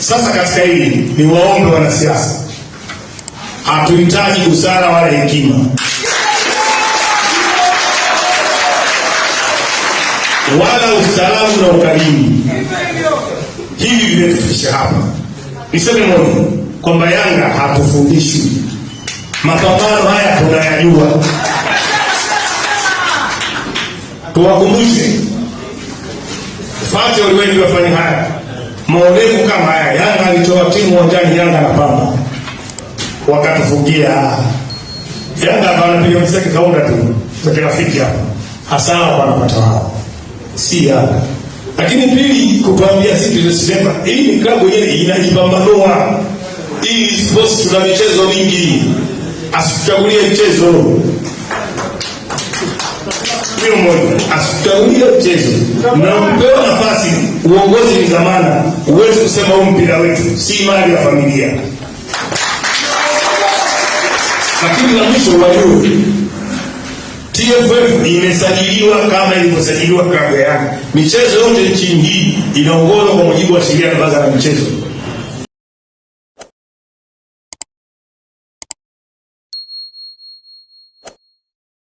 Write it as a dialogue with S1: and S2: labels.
S1: Sasa katika hili ni waombe wanasiasa, hatuhitaji busara wala hekima. wala usalamu na ukarimu. Hivi vimetufikisha hapa. Niseme moja kwamba Yanga hatufundishwi, mapambano haya tunayajua. Tuwakumbushe fate ulimwengu wafanye haya maonevu kama haya. Yanga alitoa timu uwanjani, Yanga na Pamba wakatufungia. Yanga wanapiga msaki kaunda tu za kirafiki hapa, hasara wanapata wao, si Yanga. Lakini pili, kutuambia sisi sema hii ni klabu yenyewe inajipambanua. Hii sports tuna michezo mingi, asichagulie mchezo mimi mmoja, asichagulie mchezo na mpewa Uongozi ni zamana Huwezi kusema huu mpira wetu, si mali ya familia. Lakini la mwisho wajue, TFF imesajiliwa kama ilivyosajiliwa klabu yake. Michezo yote nchini hii inaongozwa kwa mujibu wa sheria ya la michezo.